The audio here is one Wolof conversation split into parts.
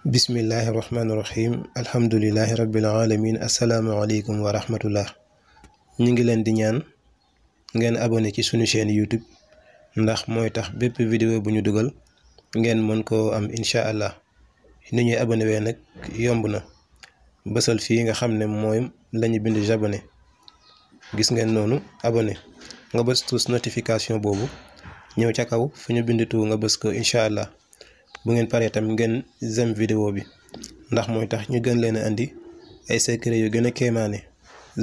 بسم الله الرحمن الرحيم الحمد لله رب العالمين السلام عليكم ورحمة الله نيجي لندنيان عن أبوني كي سوني شين يوتيوب ندخ موي تخ بيب فيديو بنيو دوغل عن منكو أم إن شاء الله نيجي أبوني بينك يوم بنا بسال في عن خامن موي لني بند جابني جس عن نونو أبوني عن بس توس نوتيفيكاسيون بوبو نيو تكاو فيني بند تو عن بس كو إن شاء الله bu ngeen paree tam ngeen zem vidéo bi ndax mooy tax ñu gën leen andi ay secret yu gën a kéemaane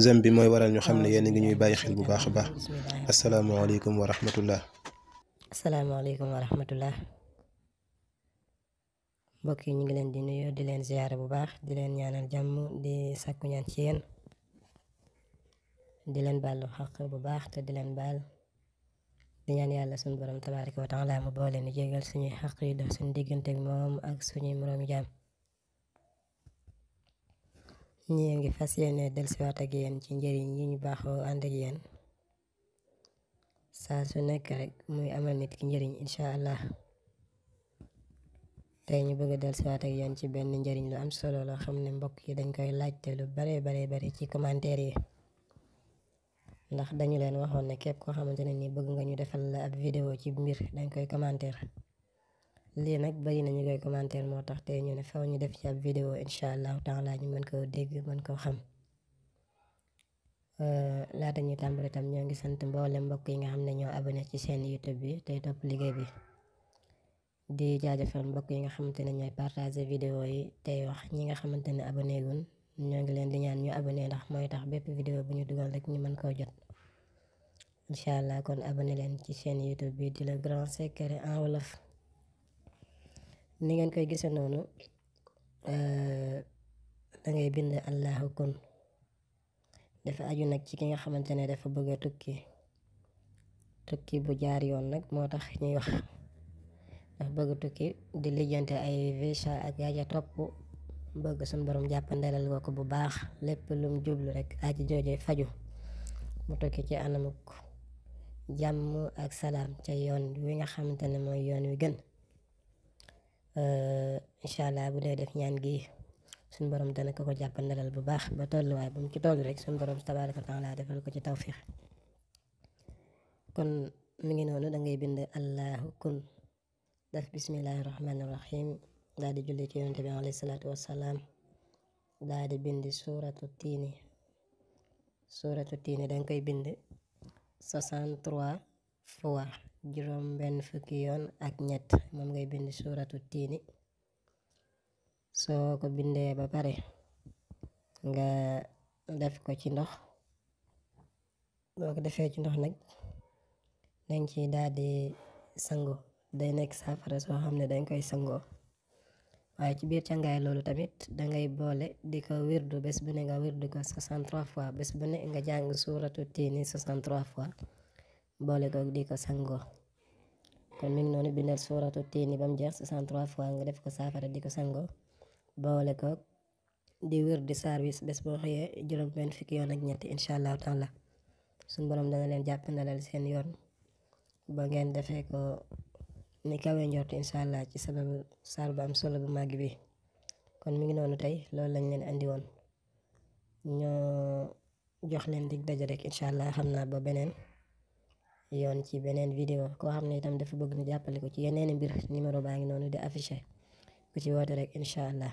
zem bi mooy waral ñu xam ne yéen ngi ñuy bàyyi xel bu baax a baax asalaamaaleykum wa rahmatullah asalaamaaleykum wa rahmatullah mbokk yi ñu ngi leen di nuyu di leen ziyaare bu baax di leen ñaanal jàmm di sakku ñaan ci yéen di leen baalu xaq bu baax te di leen bal di ñaan yàlla suñu borom tabaraka wa taala mu boole ni jégal suñuy xaq yi dox suñu diggante ak moom ak suñuy moroomi jaam ñi ngi fas yéene waat ak yéen ci njëriñ yi ñu baaxoo ànd ak yéen saa su nekk rek muy amal nit ki njëriñ insha allah tey ñu bëgg a waat ak yéen ci benn njëriñ lu am solo loo xam ne mbokk yi dañ koy laajte lu bare bare bare ci commentaire yi ndax dañu leen waxoon ne képp koo xamante ne nii bëgg nga ñu defal la ab vidéo ci mbir dañ koy commentaire lii nag bari na ñu koy commentaire moo tax te ñu ne faw ñu def ci ab vidéo incha allahu taala ñu mën koo dégg mën koo xam. laata ñuy tàmbali tam ñoo ngi sant mboolem mbokk yi nga xam ne ñoo abonné ci seen YouTube bi tey topp liggéey bi di jaajëfal mbokk yi nga xamante ne ñooy partager vidéo yi tey wax ñi nga xamante ne abonné gun ñoo ngi leen di ñaan ñu abonné ndax mooy tax bépp vidéo bu ñu dugal rek ñu mën koo jot incha allah kon abonné leen ci chaîne youtube bi di le grand secret en wolof ni ngeen koy gise noonu euh, da ngay bind allahu kun dafa aju nag ci ki nga xamante ne dafa bëgg a tukki tukki bu jaar yoon nag moo tax ñuy wax dafa bëgg tukki di lijjante ay visa ak yaaja topp bëgg sun borom jàppandalal lu ko bu baax lépp lum jublu rek aaji jooje faju mu tokki ci anamuk jàmm ak salaam ca yoon wi nga xamante ne mooy yoon wi gën incha allah bu dee def ñaan gi sun borom dana ko ko jàppandalal bu baax ba tolluwaay bu mu ci tollu rek sun borom taala defal ko ci kon mi ngi noonu da ngay bind allahu kun def daal di julli ci yonent bi alayhi salaatu wassalaam daal bind suuratu tiini suuratu tiini danga koy bind 63 fois juróom benn fukki ak ñett moom ngay bind suuratu tiini soo ko bindee ba pare nga def ko ci ndox boo ko defee ci ndox nag dañ ci daal di sangu day nekk saafara soo xam ne dañ koy sangoo waaye ci biir càngaay loolu tamit dangay boole di ko wirdu bés bu ne nga wirdu ko 63 fois bés bu ne nga jàng suuratu tiini 63 fois boole ko di ko sangoo kon mi ngi noonu bindal suuratu tiini ba mu jeex 63 fois nga def ko saafara di ko sangoo boole ko di wirdu service bés boo xëyee juróom-benn fukki yoon ak ñetti incha allahu taala suñ borom dana leen jàpp ndalal seen yoon ba ngeen defee ko ni kawe njort incha allah ci sababu saar bu am solo bu màgg bi kon mu ngi noonu tey loolu lañ leen indi woon ñoo jox leen dig daje rek incha allah xam naa ba beneen yoon ci beneen vidéo koo xam ne itam dafa bëgg ñu jàppale ko ci yeneen mbir numéro baa ngi noonu di affiché ku ci woote rek incha allah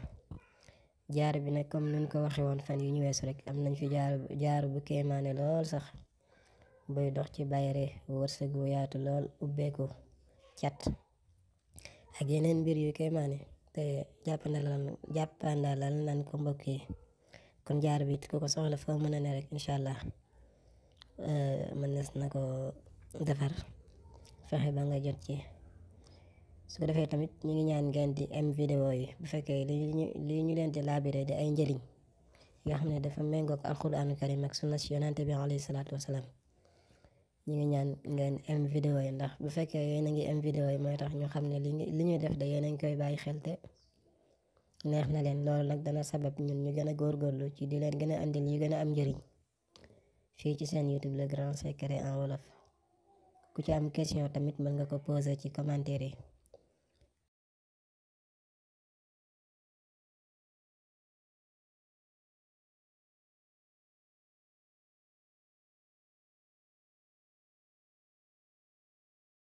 jaar bi nag comme nun ko waxee woon fan yu ñu weesu rek am nañ fi jaar jaar bu kéemaane lool sax buy dox ci bayre wërsëg yaatu lool ubbeeku chat ak yeneen mbir yu kéemaane te jàppandalal jàppandalal nan ko mbokki kon jaar bi ku ko soxla foo mën a rek incha allah eh, mën nes na ko defar fexe ba nga jot ci su ko defee tamit ñu ngi ñaan ngeen di am vidéo yi bu fekkee li ñu li ñu leen di laabire di ay njëriñ yoo xam ne dafa méngoog alquraanu karim ak sunna si yonante bi alayhi salaatu wasalaam ñu ngi ñaan ngeen am vidéo yi ndax bu fekkee yéen a ngi am vidéo yi mooy tax ñu xam ne li li ñuy def de yéen a koy bàyyi xel te neex na leen loolu nag dana sabab ñun ñu gën a góorgóorlu ci di leen gën a andil yu gën a am njëriñ fii ci seen YouTube le grand secret en wolof ku ci am question tamit mën nga ko poser ci commentaire yi.